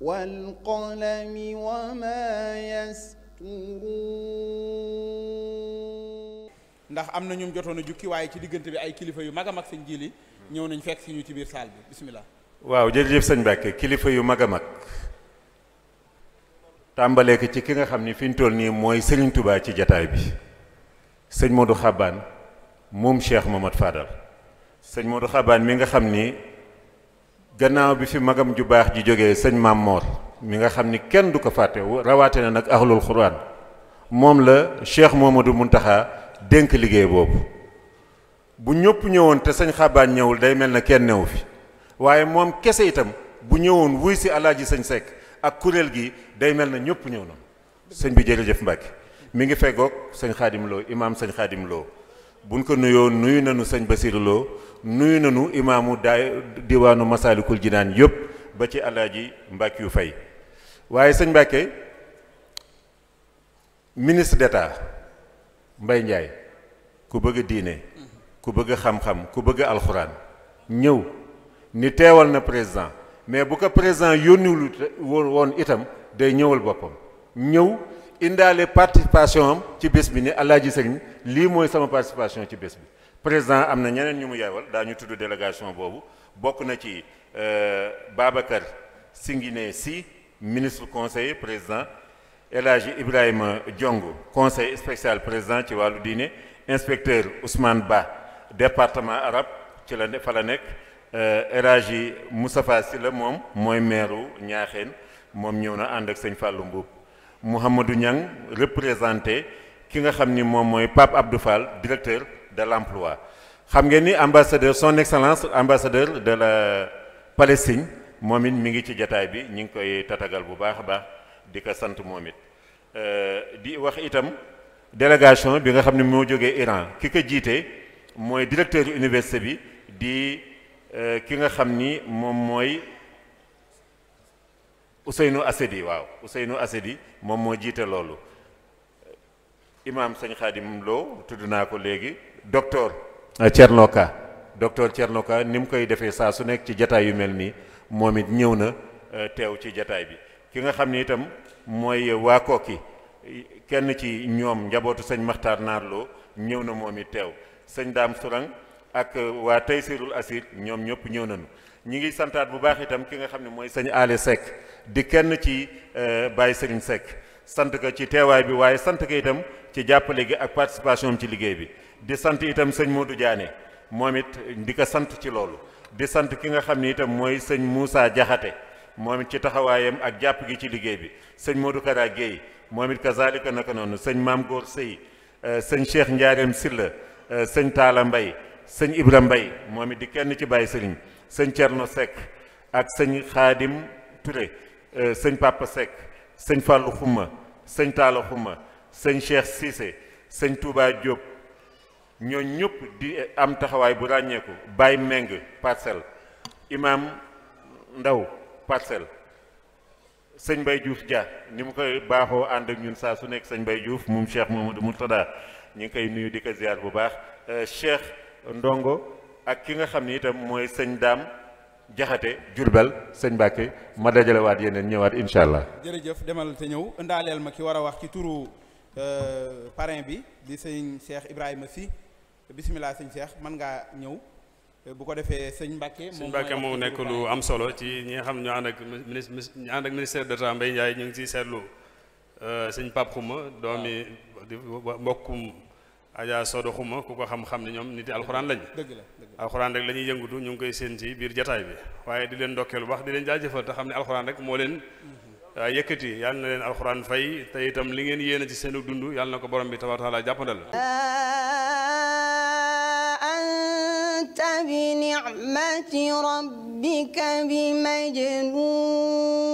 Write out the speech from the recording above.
والقلم وما يسطرون ndax am na jotoon jukki waaye ci diggante bi ay kilifa yu mag a mag sëñ ñëw nañ fekk si ci biir saal bi waaw jërëjëf sëñ Mbàkke kilifa yu mag a mag tàmbalee ci ki nga xam ni fi ñu nii mooy sëriñ Touba ci jataay bi sëñ Modou Xabaan moom Cheikh Mamad Fadal sëñ Modou Xabaan mi nga xam ni gannaaw bi fi magam ju baax ji jógee sëñ Maam Moor mi nga xam ni kenn du ko fàtte rawaate na nag ahlul xuraan moom la Cheikh Momadou Muntaxa dénk liggéey boobu bu ñëpp ñëwoon te sëñ xabaan ñëwul day mel na kenn newu fi waaye moom kese itam bu ñëwoon wuy si alaaji sëñ Seck ak kuréel gi day mel na ñëpp ñëw na sëñ bi jërëjëf Mbàkke mu ngi feggoog sëñ xaadim loo imaam sëñ xaadim buñ ko nuyoo nuyu nañu sëñ Bassirou Lo nuyu nañu imaamu daay diwaanu Masaalikul Jinaan yëpp ba ci ji Mbàkke yu fay waaye sëñ Mbàkke ministre d'État mbay Ndiaye ku bëgg diine ku bëgg xam-xam ku bëgg alxuraan ñëw ni teewal na président mais bu ko président yónniwul woon itam day ñëwal boppam ñëw indiaale participation am ci bés bi ne Alaaji Sëriñ lii mooy sama participation ci bés bi président am na ñeneen ñu mu yebal daa ñu tudd délégation boobu bokk na ci euh, Babacar ne si ministre conseil président El Ibrahima Diong conseil spécial président ci wàllu diine inspecteur Ousmane Ba département arab ci la fa la nekk euh, El Hadji Moustapha Sylla moom mooy maire Ñaaxeen moom ñëw na ànd ak sëñ fàllu Mbuub Mouhamadou Niang représenté ki nga xam ni moom mooy Pape Abdou Fall directeur de l'emploi xam ngeen ni ambassadeur son excellence ambassadeur de la Palestine moom it mu ngi ci jataay bi ñu ngi koy tatagal bu baax a baax di ko sant moom it euh, di wax itam délégation bi nga xam ne moo jógee Iran ki ko jiite mooy directeur université bi di euh, ki nga xam ni moom mooy Ousseynou Assedi waaw Ousseynou Assedi moom moo jiite loolu imaam sëñ Xaadim loo tudd naa ko léegi docteur Thierno Ka docteur Thierno ni mu koy defee saa su nekk ci jataay yu mel nii moom it ñëw na euh, teew ci jataay bi ki nga xam ni itam mooy waa Koki kenn ci ñoom njabootu sëñ Maxtaar Naar loo ñëw na moom it teew sëñ Daam Surang ak euh, waa Taysirul Asid ñoom ñëpp ñëw nañu ñi ngi santaat bu baax itam ki nga xam ne mooy sëñ Aale Seck di kenn ci euh, Baye Serigne Seck sant ko ci teewaay bi waaye sant ko itam ci jàppale gi ak participation ci liggéey bi di sant itam sëñ Modou Diané moom it di ko sant ci loolu di sant ki nga xam ne itam mooy sëñ Moussa Diakhaté moom it ci taxawaayam ak jàpp gi ci liggéey bi sëñ Modou Kara moom it naka noonu sëñ Maam Góor Sëy euh, sëñ Cheikh Ndiarème Silla sëñ Talla mbay sëñ Ibra Mbay moom it di kenn ci bàyyi Sëriñ sëñ Thierno Seck ak sëñ Xaadim Touré euh, sëñ Papa Seck sëñ fàll Xuma sëñ Talla Xuma sëñ Cheikh Cissé sëñ Touba Diop ñooñ ñëpp di am taxawaay bu ràññeeku Baye Meng parcelle imam Ndaw parcelle sëñ Baye Diouf Dia ni mu koy baaxoo ànd ak ñun saa su nekk sañ sëñ Baye Diouf moom Cheikh Mamadou Mourtada ñu ngi koy nuyu di ko ziar bu baax euh, Cheikh. ndongo ak ki nga xam ni itam mooy sëñ daam jaxate jurbel sëñ Mbàkke ma dajale waat yeneen ñëwaat incha allah. jërëjëf demal te ñëw indaaleel ma ki war a wax ci turu euh, parrain bi di sëñ Cheikh Ibrahima si bisimilah sëñ Cheikh mën ngaa ñëw. bu ko defee sëñ Mbacke sëñ Mbacke moom nekk lu am solo ci ñi nga xam ñu ànd ak ministre ñu ànd ak ministère d'État Mbaye Ndiaye ñu ngi ciy seetlu euh, sëñ Pape Xuma doomi mbokkum Adja Sodo Xuma ku ko xam-xam ne ñoom niti alxuraan lañ alxuraan rek la ñuy yëngutu ñu ngi koy séen ci biir jataay bi waaye di leen ndokkeel bu baax di leen jaajëfal te xam ne alxuraan rek moo leen mhm. ah, yëkkati yàlla na leen alxuraan fay te itam li ngeen yéene ci seenu dund yàlla na ko borom bi tabaaraka taala jàppandal anta bi ni'mati rabbika bi majnun